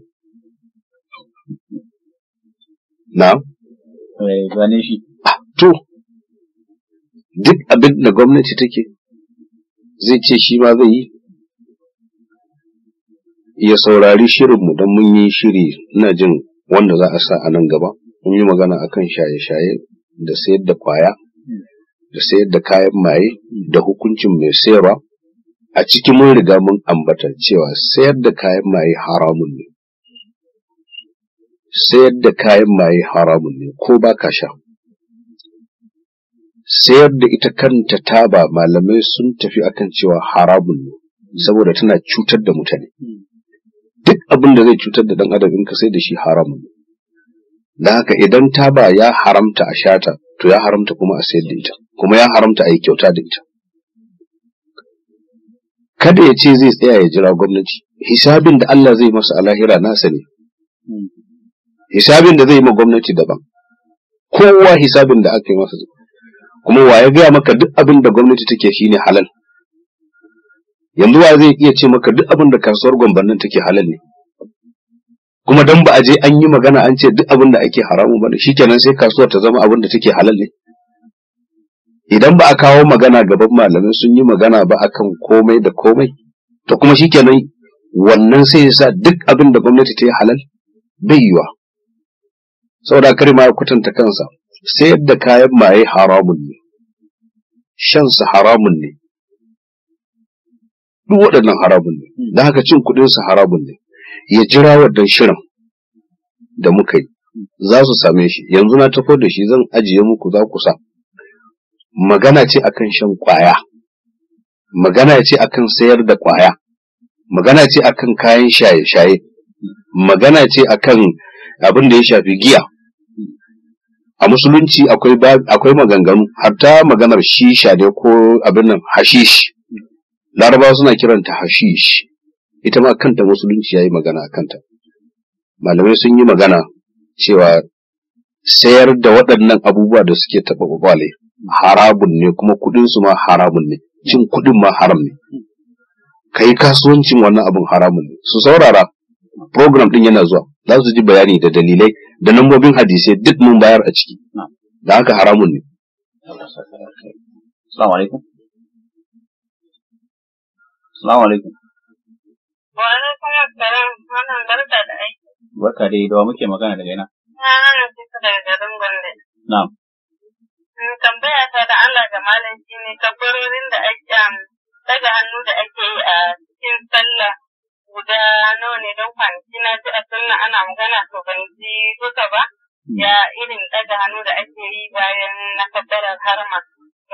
na eh, gane shi ah, to duk abin da gwamnati take zai ce shi ma zai yi ya saurari shirinmu don mun yi shiri na jin wanda za a sa a nan gaba mun yi magana akan shaye-shaye da sayar da kwaya da sayar da kayan maye da hukuncin mai sayarwa a cikin mun riga mun ambata cewa sayar da kayan maye haramun ne sayar da kayan maye haramun ne ko ba ka sha sayar da ita kanta taba malamai sun tafi akan cewa haramun ne saboda tana cutar da mutane duk abin da zai cutar da dan adam in ka sai da shi haramun da haka idan ta ba ya haramta a shata to ya haramta kuma a sayar da ita kuma ya haramta a yi kyauta da ita kada ya ce zai tsaya ya jira gwamnati hisabin da Allah zai masa a lahira nasa ne hisabin da zai yi ma gwamnati daban kowa hisabin da aka yi masa kuma wa ya gaya maka duk abin da gwamnati take shine halal yanzu wa zai iya ce maka duk abin da kasuwar gwambannin take halal ne kuma dan ba a je an yi magana an ce duk abin da ake haramu bane shikenan sai kasuwar ta zama abin da take halal ne idan ba a kawo magana gaban malamai sun yi magana ba akan komai da komai to kuma shikenan wannan sai ya sa duk abin da gwamnati ta yi halal bai yiwa saboda kar ma ya kwatanta kansa sayar da kayan maye haramun ne shan su haramun ne duk waɗannan harabun ne hmm. don haka cin kuɗinsu harabun ne ya jira waɗannan shirin da muka yi za su same shi yanzu na tafar da shi zan ajiye muku za ku sa magana ce akan shan ƙwaya. magana ce akan sayar da ƙwaya. magana ce akan kayan shaye-shaye magana ce akan abin da ya shafi giya a musulunci akwai maganganu hatta maganar shisha ne ko abin nan hashish laraba suna kiranta hashish ita ma kanta musulunci ya yi magana kanta malamai sun yi magana cewa sayar da waɗannan abubuwa da suke taɓa ƙwaƙwale harabun ne kuma kuɗinsu ma haramun ne cin kuɗin ma haram ne ka yi kasuwancin wannan abun haramun ne su saurara program ɗin yana zuwa za su ji bayani da dalilai da lambobin hadisai duk mun bayar a ciki da haka haramun ne. Assalamu alaikum. Salamu alaikum. Wa alaikum assalam, wannan barka da aiki. Barka dai, da wa muke magana daga ina? Na hana su daga garin Gombe. Na'am. Mm, tambaya ta da Allah da malam shi ne kabbarorin da ake um, daga hannu da ake yi a cikin sallah guda nawa ne don kwanaki na ji a sunna ana magana to ban ji duka ba. Hmm. Ya irin daga hannu da ake yi bayan na kabbarar harma.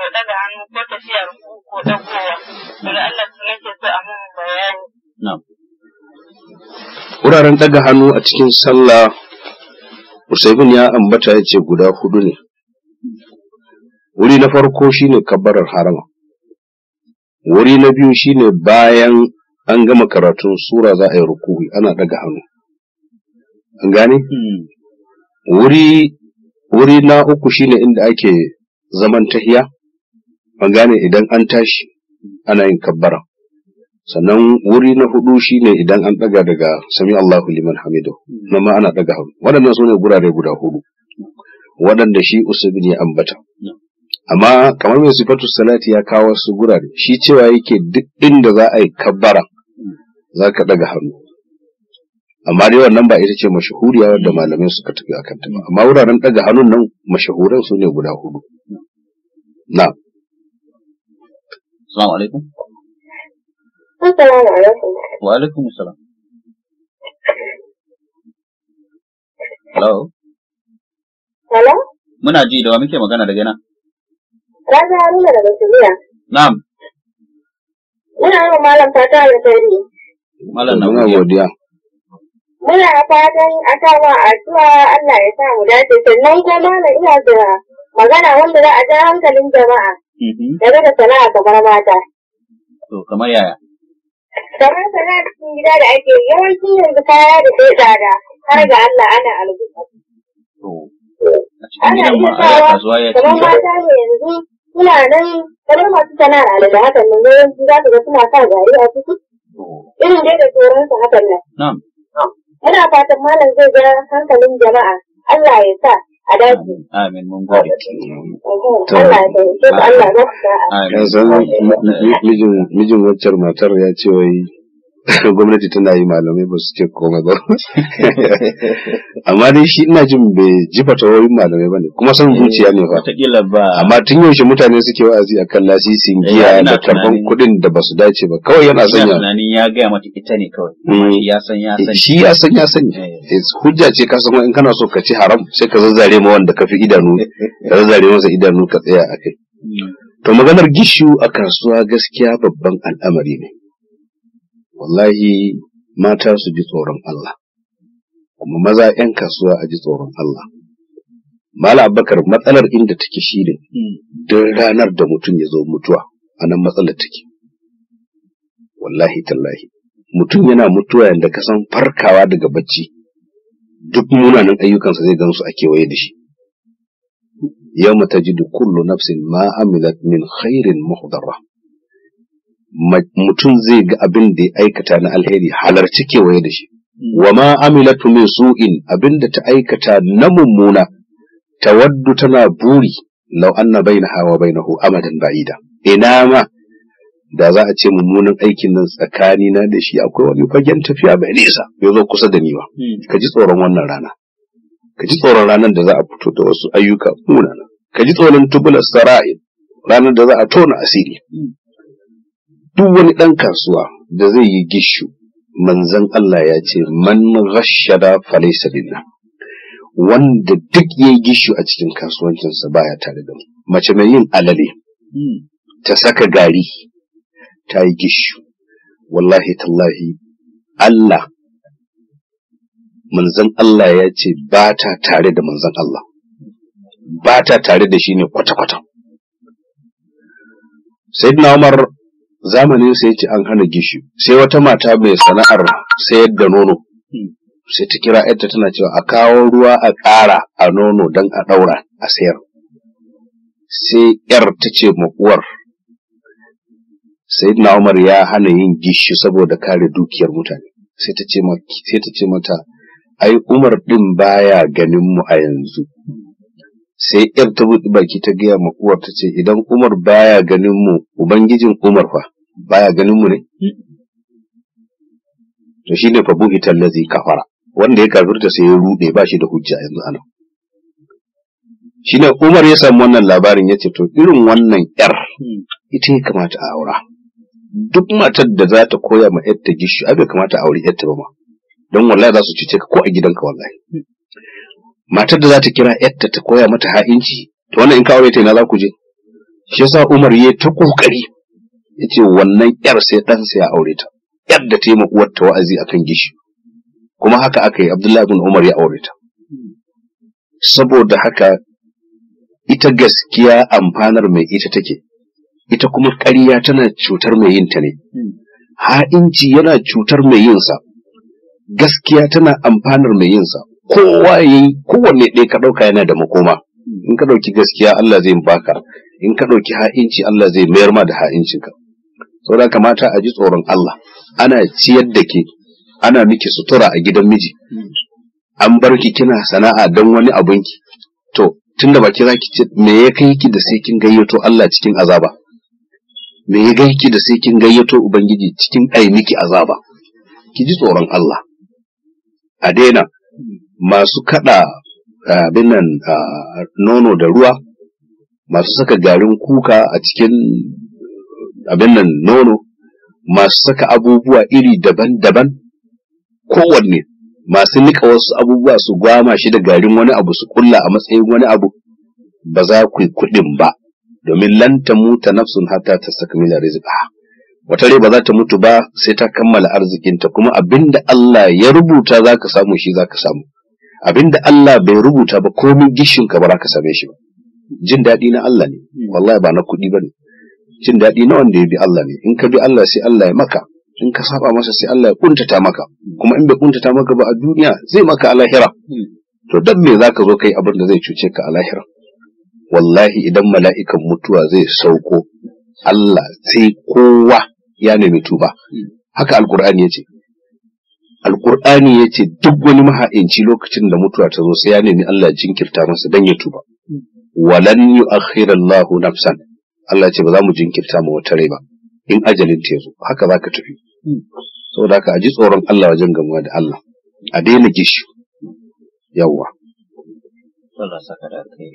ya daga hannu ko ko Allah su nake a mun bayani wuraren daga hannu a cikin sallah Usaimin ya ambata ya ce guda hudu ne wuri na farko shine kabbarar harama wuri na biyu shine bayan an gama karatun sura za a yi rukuwi ana daga hannu an gane hmm. wuri wuri na uku shine inda ake zaman tahiya an gane idan an tashi ana yin kabbara sannan wuri na hudu shine idan an daga daga sami Allahu liman hamidu nan ma ana daga hannu waɗannan su gurare guda hudu waɗanda shi usubin ya ambata amma kamar mai sifatu salati ya kawo su gurare shi cewa yake duk inda za a yi kabbara za ka daga hannu amma dai wannan ba ita ce mashahuriya wadda malamai suka tafi a kanta ba amma wuraren daga hannun nan mashahuran su ne guda hudu na'am Assalamu alaikum. Assalamu alaikum. Wa alaikum assalam. Hello. Hello. Muna ji da wa muke magana daga nan? Raja Haruna daga Subiya. Na'am. Muna yi malam fata alkhairi. Malam na godiya. Muna fatan a sama addu'a Allah ya sa mu dace sannan kuma malam ina da magana wanda za a ja hankalin jama'a. Mm-hmm. Daga da sana'a kamar mata. To kamar yaya? Kamar sana'ar cikin gida da ake yawanci yanzu kaya da sai tsada har ga Allah ana algusu. To a cikin gidan ma kasuwa ya ce. Kamar mata ne yanzu suna nan kamar masu sana'ar alada hakan nan yawanci za ka ga suna sa gari a ciki. Irin dai da sauransu hakan nan. Na'am. Ina fatan malam zai ga hankalin jama'a Allah ya sa a Amin mun gode. To mijin waccar matar ya ce wai to gwamnati tana yi malamai ba su ce komai ba amma dai shi ina jin bai ji fatawoyin malamai ba ne kuma san zuciya ne eh, ba amma tun yaushe mutane suke wa'azi akan lasisin eh, giya da karban kuɗin da ba su dace ba kawai yana sanya tunanin ya gaya mata ita ne kawai ya hmm. ya shi ya san ya eh. hujja ce ka san in kana so ka ci haram sai ka zazzare ma wanda ka fi idanu ka zazzare masa idanu ka tsaya akai hmm. to maganar gishu a kasuwa gaskiya babban al'amari ne wallahi mata su ji tsoron Allah kuma maza 'yan kasuwa a ji tsoron Allah mala abakar matsalar inda take shi ne don ranar da mutum ya zo mutuwa a nan matsalar take wallahi tallahi mutum yana mutuwa yadda ka san farkawa daga bacci duk munanan ayyukansa zai gansu a kewaye da shi yau mata ji kullu nafsin ma amilat min khairin muhdara mutum zai ga abin da ya aikata na alheri halarci kewaye da shi wa ma amilatu min su'in abin da ta aikata na mummuna tawaddu tana buri law anna bainaha wa bainahu amadan ba'ida ina ma da za a ce mummunan aikin nan tsakani na da shi akwai wani fagen tafiya mai nisa ya zo kusa da ni ba hmm. ka ji tsoron wannan rana ka ji tsoron ranar da za a fito da wasu ayyuka munana ka ji tsoron tubular sara'in ranar da za a tona asiri hmm. duk wani ɗan kasuwa da zai yi gishu manzan Allah ya ce man rashada falaisa dinna wanda duk ya yi gishu a cikin kasuwancinsa baya tare da mu mace mai yin alale hmm. ta saka gari ta yi gishu wallahi tallahi Allah manzan Allah ya ce ba ta tare da manzan Allah ba ta tare da shi ne kwata-kwata Sayyidina Umar zamanin sai ce an hana gishi sai wata mata mai sana'ar sayar da nono sai ta kira yarta tana cewa a kawo ruwa a ƙara a nono don a ɗaura a sayar sai yar ta ce makuwar sai na umar ya hana yin gishi saboda kare dukiyar mutane sai ta ce mata ai umar ɗin baya ganin mu a yanzu sai yar ta buɗe baki ta gaya ma ta ce idan umar baya ganin mu ubangijin umar fa baya ganin mu ne to shine fa buhi tallazi kafara wanda ya kafirta sai ya rude ba shi da hujja yanzu anan shine Umar ya samu wannan labarin ya ce to irin wannan yar ita ya kamata a aura duk matar da za ta koya ma yarta gishu bai kamata a aure yarta ba ma don wallahi za su cuce ka ko a gidanka wallahi matar da za ta kira yarta ta koya mata ha'inci to wannan in ka aure ta ina za ku je shi yasa Umar ya ta kokari ya wannan yar sai ɗansa ya aure ta yar da ta yi uwarta wa'azi akan gishi kuma haka aka yi abdullahi bin umar ya aure ta saboda haka ita gaskiya amfanar mai ita take ita kuma ƙarya tana cutar mai yin ta ne ha'inci yana cutar mai yinsa gaskiya tana amfanar mai yinsa kowa yi kowanne ɗaya ka ɗauka yana da makoma in ka ɗauki gaskiya Allah zai baka in ka ɗauki ha'inci Allah zai mayar ma da ha'incinka saboda kamata a ji tsoron Allah ana ciyar da ke ana miki sutura a gidan miji an bar ki kina sana'a don wani ki to tunda da baki zaki ce me ya kai ki da sai kin gayyato Allah cikin azaba me ya kai ki da sai kin gayyato ubangiji cikin ai miki azaba ki ji tsoron Allah a daina masu kada abin nan nono da ruwa masu saka garin kuka a cikin abin nan nono masu saka abubuwa iri daban-daban kowanne masu nika wasu abubuwa su gwama shi da garin wani abu su kulla a matsayin wani abu ba za ku yi kuɗin ba domin lanta muta nafsun hata ta saka mila rizika wata rai ba za ta mutu ba sai ta kammala arzikinta kuma abinda Allah ya rubuta za ka samu shi za ka samu abinda Allah bai rubuta ba komin gishinka ba za ka same shi ba jin daɗi na Allah ne hmm. wallahi ba na kuɗi ba ne Cin daɗi na wanda ya bi Allah ne in ka bi Allah sai Allah ya maka in ka saba masa sai Allah ya kuntata maka kuma in bai kuntata maka ba a duniya zai maka alahira. to dan me zaka zo kai abin da zai cuce ka alahira? wallahi idan mala'ikan mutuwa zai sauko Allah sai kowa ya nemi tuba haka alkur'ani yace alqur'ani yace duk wani maha'inci lokacin da mutuwa ta zo sai ya nemi Allah jinkirta masa dan ya tuba walan yu'akhirallahu nafsan Allah ce ba za mu jinkirta mu wata rai ba in ajalin ta yazo haka za ka tafi saboda haka a ji tsoron Allah wajen gamuwa da Allah a daina gishi yawwa Allah saka da kai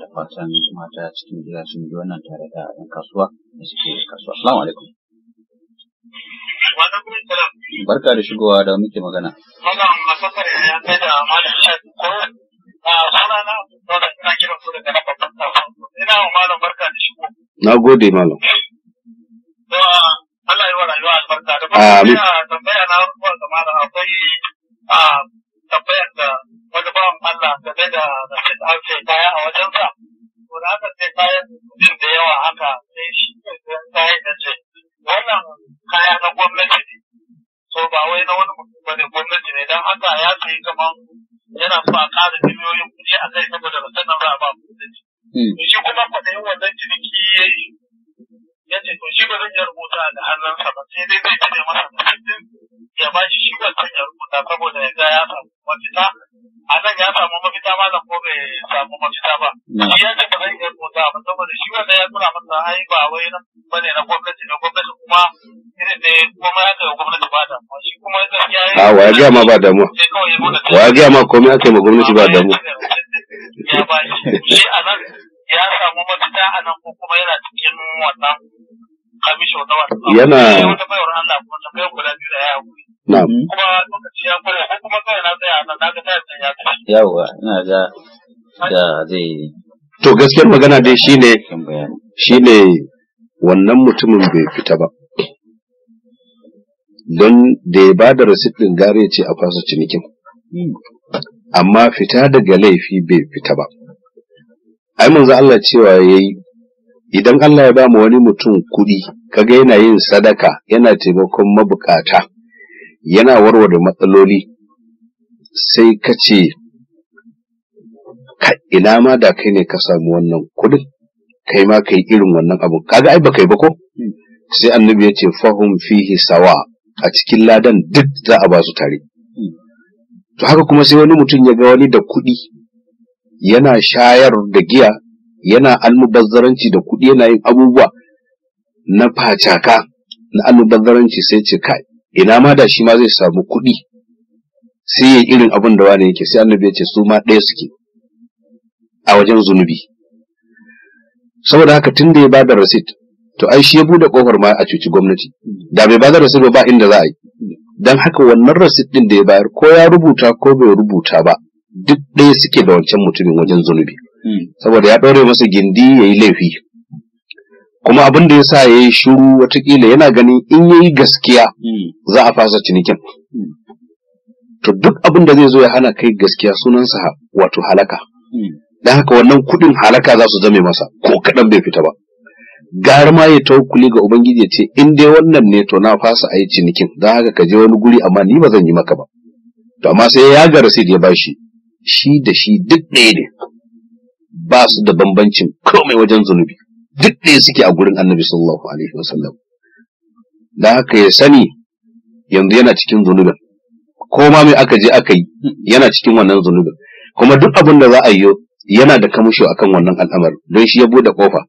da fatan mata cikin gida sun ji wannan tare da ɗan kasuwa da suke kasuwa assalamu alaikum barka da shigowa da muke magana sunana Abdulkadir ina kiran su daga babban tafan ina wa malam barka da shigo na gode malam Allah yi wa rayuwa albarka da ba ina tambaya na rubuwa da malam akwai a tambayar da wani bawan Allah game da Rashid Alfe kaya a wajen sa. da aka sai kayan din da yawa haka sai shi ne kayan da wannan kaya na gwamnati ne so ba wai na wani mutum ba ne gwamnati ne dan haka ya sayi kaman yana so a ƙara miliyoyin kuɗi a kai saboda ba a ba ba kuɗi. Hmm. Shi kuma kwaɗayin wannan ciniki ya yi ya ce to shi ba zan iya rubuta da hannunsa ba sai dai zai cire masa ya ba shi shi rubuta saboda ya ga ya samu mafita a nan ya samu mafita ma ko bai samu mafita ba shi ya ce ba zan rubuta ba saboda shi ya tura masa ai ba wai na bane na gwamnati gwamnati kuma irin da kuma ya ga gwamnati ba da shi kuma gaskiya ya a wa ga ma ba da mu wa ga ma komai ma gwamnati ba da mu ya ba shi a nan ya samu mafita a nan ko kuma yana cikin wannan kamishin yana wata bayar Allah kuma ta kai kula da ya hakuri na'am kuma lokaci ya ko kuma kai na tsaya nan ya tsaya yawa ina ga da zai to gaskiyar magana dai shine shine wannan mutumin bai fita ba don da ya ba da rasit ɗin gare ce a fasa cinikin hmm. amma fita daga laifi bai fita ba ai manzo Allah cewa yayi idan Allah ya ba mu wani mutum kuɗi kaga yana yin sadaka yana taimakon mabukata yana warware matsaloli sai ka ce ina ma da kai ne ka samu wannan kuɗin kai ma kai irin wannan abu kaga ai baka yi ba ko sai annabi ya ce fahum fihi sawa a cikin ladan duk za a ba su tare to haka kuma sai wani mutum ya ga wani da kuɗi yana shayar da giya yana almubazzaranci da kuɗi yana yin abubuwa na facaka na almubazzaranci sai ce kai ina ma da shi ma zai samu kuɗi sai ya irin abin da wani yake sai annabi ya ce su ma ɗaya suke a wajen zunubi saboda haka tun da ya ba da rasit to ai shi ya bude kofar ma a cuci gwamnati da bai bada rasit ba inda za a yi dan haka wannan rasit din da ya bayar ko ya rubuta ko bai rubuta ba duk ɗaya suke da wancan mutumin wajen zunubi hmm. saboda ya ɗaure masa gindi ya yi laifi kuma abin da ya sa ya yi shuru watakila yana ganin in ya yi gaskiya hmm. za a fasa cinikin hmm. to duk abin da zai zo ya hana kai gaskiya sunansa wato halaka don haka wannan kuɗin halaka za su zame masa ko kaɗan bai fita ba gara ma ya tawakkuli ga ubangiji ya ce in dai wannan ne to na fasa a yi cinikin don haka ka je wani guri amma ni ba zan yi maka ba to amma sai ya gara sai ya bashi shi da shi duk ɗaya ne ba su da bambancin komai wajen zunubi duk ɗaya suke a gurin annabi sallallahu alaihi wasallam da haka ya sani yanzu yana cikin zunubin ko ma mai aka je aka yi yana cikin wannan zunubin kuma duk abin da za a yi yana da kamushe akan wannan al'amarin don shi ya bude kofa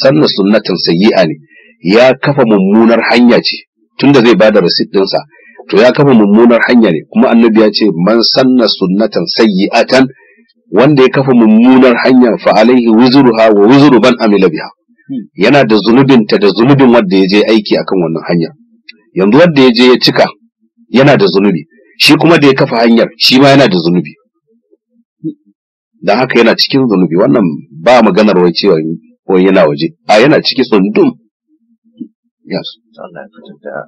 sanna sunnatin sayyi'a ne ya kafa mummunar hanya ce tunda zai bada rasit ɗinsa to ya kafa mummunar hanya ne kuma annabi ya ce man sanna sunnatan sayyi'atan wanda ya kafa mummunar hanya fa alaihi wuzruha wa wuzru ban amila biha yana da zunubin ta da zunubin wanda ya je aiki akan wannan hanya yanzu wanda ya je ya cika yana da zunubi shi kuma da ya kafa hanyar shi ma yana da zunubi dan haka yana cikin zunubi wannan ba maganar wai cewa wai yana waje a yana cikin tsundum yes Allah ya fitar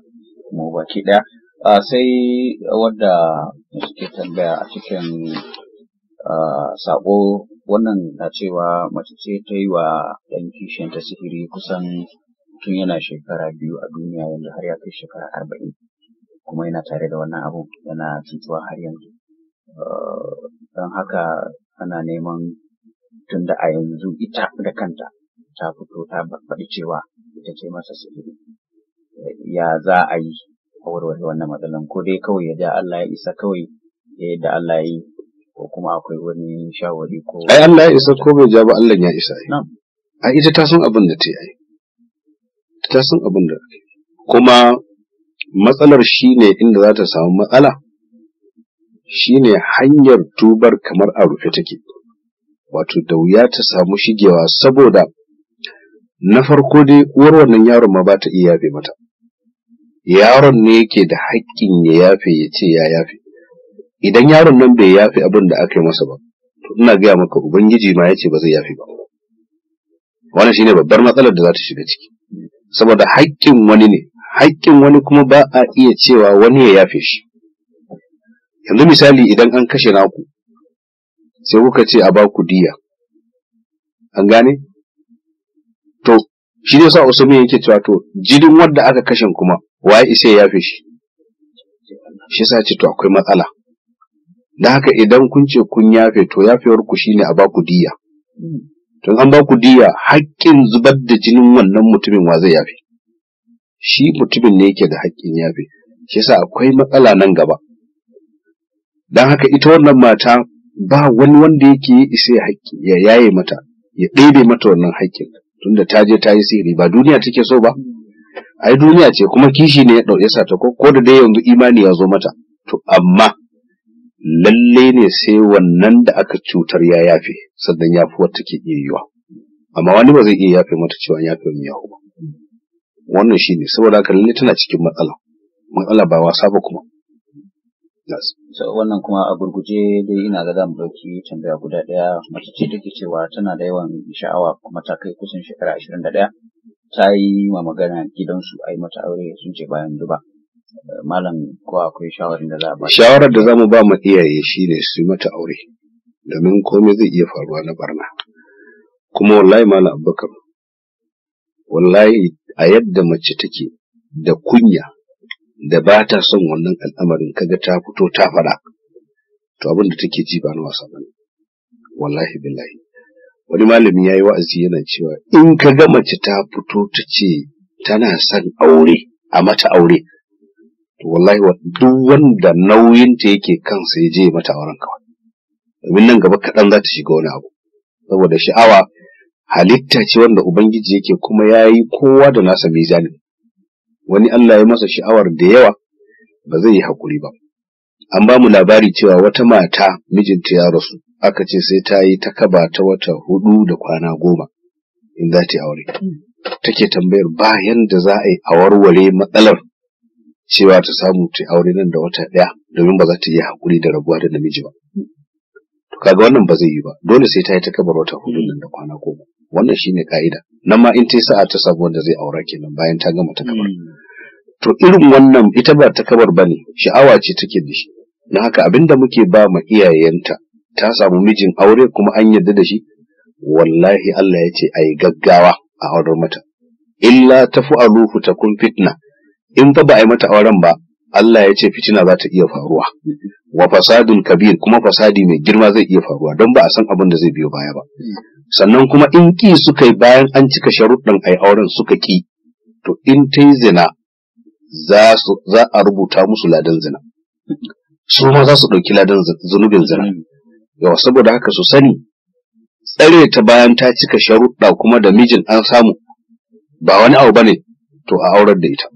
baki daya a sai wadda suke tambaya a cikin sako wannan na cewa mace ce ta yi wa ɗan ta sihiri kusan tun yana shekara biyu a duniya yanzu har ya kai shekara arba'in kuma yana tare da wannan abu yana cutuwa har yanzu don haka ana neman tun da a yanzu ita da kanta ta fito ta faɗi cewa ita ce masa sihiri ya za a yi a warware wannan matsalan ko dai kawai ya da Allah ya isa kawai ya yadda Allah ya yi ko kuma akwai wani shawari ko ai Allah ya isa ko bai ja ba Allah ya isa ai ai ita ta san abin da ta yi ta san abin da kuma matsalar shine inda za ta samu matsala shine hanyar tubar kamar a rufe take wato da wuya ta samu shigewa saboda na farko dai uwar wannan yaron ma ba ta iya yafe mata yaron ne yake da haƙƙin ya yafe ya ce ya yafe idan yaron nan bai yafe abin da aka yi masa ba to ina gaya maka ubangiji ma ya ce ba zai yafe ba wannan shine babbar matsalar da za ta shiga ciki saboda haƙƙin wani ne haƙƙin wani kuma ba a iya cewa wani ya yafe shi yanzu misali idan an kashe naku sai kuka ce a ba ku diya an gane to shi ne sa usman yake cewa to jirin wanda aka kashe kuma waye ise ya yafe shi shi sa ce to akwai matsala da haka idan kun ce kun yafe to yafewar ku shine a baku diya to an baku diya haƙƙin zubar da jinin wannan mutumin wa zai yafe shi mutumin ne yake da haƙƙin yafe shi sa akwai matsala nan gaba Dan haka ita wannan mata ba wani wanda yake isa ya yaye mata ya ɗebe mata wannan haƙƙin tunda ta je ta yi sihiri ba duniya take so ba ai duniya ce kuma kishi ne ya ɗauke sata ko ko da dai yanzu imani ya zo mata to amma lalle ne sai wannan da aka cutar ya yafe sannan ya fi wata ke iya amma wani ba zai iya yafe mata cewa fi wani yahu ba wannan shi ne saboda haka lalle tana cikin matsala matsala ba wasa ba kuma so wannan kuma a gurguje dai ina ga zamu ɗauki tambaya guda daya mace ce take cewa tana da yawan sha'awa kuma ta kai kusan shekara ɗaya. ta yi ma magana gidansu a yi mata aure sun ce bayan duba malam ko akwai shawarar da za a ba shawarar da za mu ba mu iyaye shine su yi mata aure domin komai zai iya faruwa na barna kuma wallahi malam abubakar wallahi a yadda mace take da kunya da ba ta son wannan al'amarin kaga ta fito ta fada to abin da take ji ba na wasa bane wallahi billahi wani malami ya yi wa'azi yana cewa in ka ga mace ta fito ta ce tana son aure a mata aure to wallahi duk wanda nauyinta yake kansa ya je mata auren kawai domin nan gaba kaɗan za ta shiga wani abu saboda sha'awa halitta ce wanda ubangiji yake kuma ya yi kowa da nasa mizani wani Allah ya masa sha'awar da yawa ba zai yi haƙuri ba an ba mu labari cewa wata mata mijinta ya rasu aka ce sai ta yi ta kaba ta wata hudu da kwana goma in za ta yi aure take tambayar bayan da za a yi a warware matsalar cewa ta samu ta aure nan da wata ɗaya domin ba za ta iya hakuri da rabuwa da namiji ba to kaga wannan ba zai yi ba dole sai ta yi ta kabar wata hudu nan da kwana goma wannan shine ka'ida nan ma in ta yi sa'a ta samu wanda zai aura kenan bayan ta gama ta kabar hmm. to irin wannan ita ba ta kabar ba ne sha'awa ce take da shi na haka abinda muke ba ma iyayenta ta samu mijin aure kuma an yarda da shi wallahi Allah ya ce a yi gaggawa a auren mata illa ta fu'aluhu ta kun fitna in fa ba a yi mata auren ba Allah ya ce fitina za ta iya faruwa wa fasadun kabir kuma fasadi mai girma zai iya faruwa don ba a san abin da zai biyo baya ba sannan kuma in ki suka yi bayan an cika sharuɗin ai auren suka ki to in ta yi zina za a rubuta musu ladan zina su ma za su ɗauki ladan zunubin zina yawa saboda haka su sani tsare ta bayan ta cika sharuɗa kuma da mijin an samu ba wani abu bane to a aurar da ita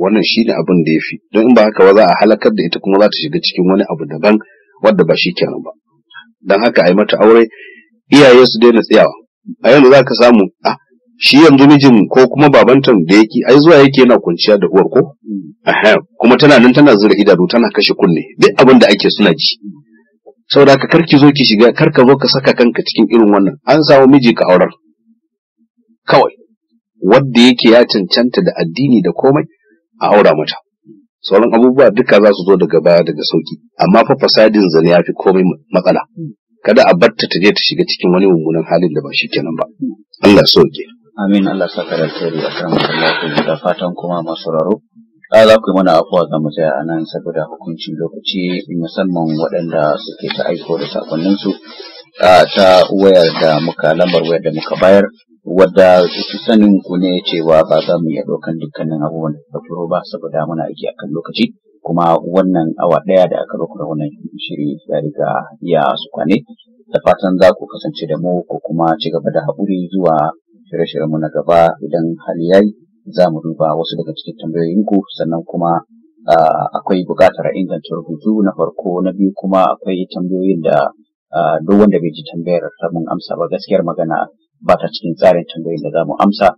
wannan shi ne abin da ya fi don in ba haka ba za a halakar da ita kuma za ta shiga cikin wani abu daban wadda ba shi kenan ba don haka a yi mata aure iyaye su daina tsayawa a yanzu za ka samu ah shi yanzu mijin ko kuma babantan da yake ai zuwa yake yana kwanciya da uwar ko mm. kuma tana nan tana zura idanu tana kashe kunne duk abin da ake suna ji saboda ka karki zo ki shiga kar ka zo ka saka kanka cikin irin wannan an samu miji ka aurar kawai wanda yake ya cancanta da addini da komai a aura mata sauran abubuwa duka za su zo daga baya daga sauki amma fa fasadin zane ya fi komai matsala mm. kada a batta ta je ta shiga cikin wani mummunan halin da ba shi kenan ba Allah sauke amin Allah saka da alheri akan Allah da fatan kuma masu raro za ku yi mana afuwa ga matsaya a nan saboda hukuncin lokaci musamman waɗanda suke ta aiko da sakonninsu ta wayar da muka lambar wayar da muka bayar wadda sanin ku ne cewa ba za mu iya ɗaukan dukkanin abubuwan da turo ba saboda muna aiki akan lokaci kuma wannan awa ɗaya da aka rukuna wannan shiri ya riga ya su kwane da fatan za ku kasance da mu ko kuma ci gaba da haƙuri zuwa shirye-shiryenmu na gaba idan hali yayi za mu duba wasu daga cikin tambayoyinku sannan kuma akwai buƙatar inganta rubutu na farko na biyu kuma akwai tambayoyin da duk wanda bai ji tambayar ta mun amsa ba gaskiyar magana ba ta cikin tsarin tambayoyin da za mu amsa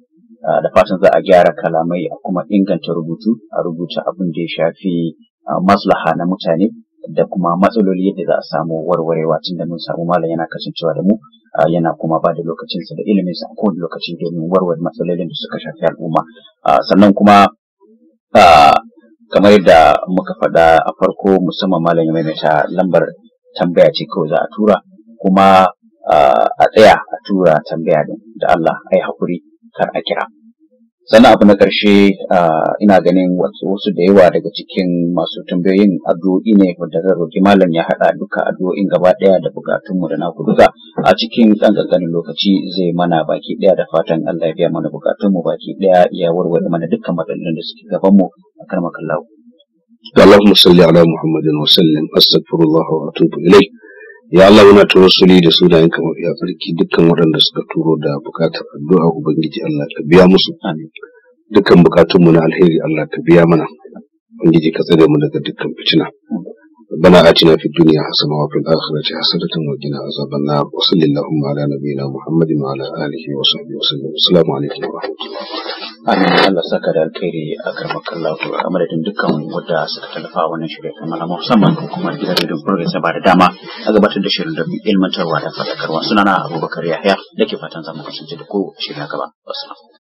da fatan za a gyara kalamai a kuma inganta rubutu a rubuta abin da ya shafi maslaha na mutane da kuma matsaloli yadda za a samu warwarewa tun da mun samu malam yana kasancewa da mu Ah, yana kuma ba da lokacinsa da iliminsa a kowane lokaci domin warware matsalolin da suka shafi al'umma ah, sannan kuma ah, kamar yadda muka faɗa a farko musamman malam ya maimaita lambar tambaya ce kawai za a tura kuma a tsaya a tura tambaya din da Allah ai hakuri kar a kira sannan abu na ƙarshe ina ganin wasu da yawa daga cikin masu tambayoyin addu'o'i ne wanda zan roƙi malam ya haɗa duka addu'o'in gaba ɗaya da bukatunmu da naku duka a cikin ɗan ƙanƙanin lokaci zai mana baki ɗaya da fatan Allah ya biya mana mu baki ɗaya ya warware mana dukkan matsalolin da suke gabanmu a karmakan Allahumma salli ala Muhammadin wa sallim استغفر wa atubu ilai. ya Allah muna tawassuli da sunayen kamar ya tsarki dukkan waɗanda suka turo da buƙatar addu'a ubangiji Allah ka biya musu dukkan buƙatunmu na alheri Allah ka biya mana ubangiji ka tsare mu daga dukkan fitina ربنا آتنا في الدنيا حسنة وفي الآخرة حسنة وقنا عذاب النار وصلى اللهم على نبينا محمد وعلى آله وصحبه وسلم والسلام عليكم ورحمة الله Amin Allah saka da alkhairi a karmakan ko a madadin dukkan wadda suka tallafa wannan shirya kamar musamman ko kuma gidan rediyon progress ya bada dama a gabatar da shirin da ilmantarwa da suna sunana Abubakar Yahya da ke fatan zamu kasance da ku shirya gaba. Wasu